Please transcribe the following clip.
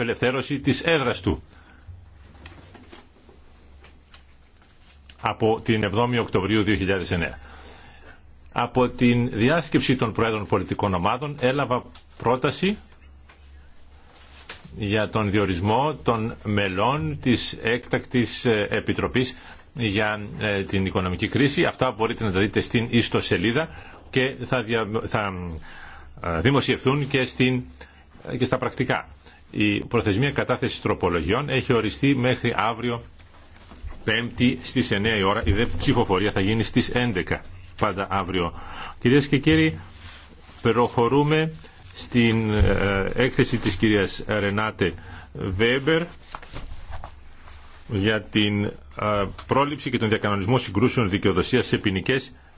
απελευθέρωση της έδρας του. από την 7η Οκτωβρίου 2009. Από την διάσκεψη των Προέδρων Πολιτικών Ομάδων έλαβα πρόταση για τον διορισμό των μελών της έκτακτης ε, επιτροπής για ε, την οικονομική κρίση. Αυτά μπορείτε να τα δείτε στην ιστοσελίδα και θα, δια... θα ε, δημοσιευθούν και, στην... και στα πρακτικά. Η προθεσμία κατάθεσης τροπολογιών έχει οριστεί μέχρι αύριο 5η στις 9 η ώρα. Η δεύτερη ψηφοφορία θα γίνει στις 11 πάντα αύριο. Κυρίες και κύριοι, προχωρούμε στην ε, έκθεση της κυρίας Ρενάτε Βέμπερ για την ε, πρόληψη και τον διακανονισμό συγκρούσεων δικαιοδοσίας σε ποινικέ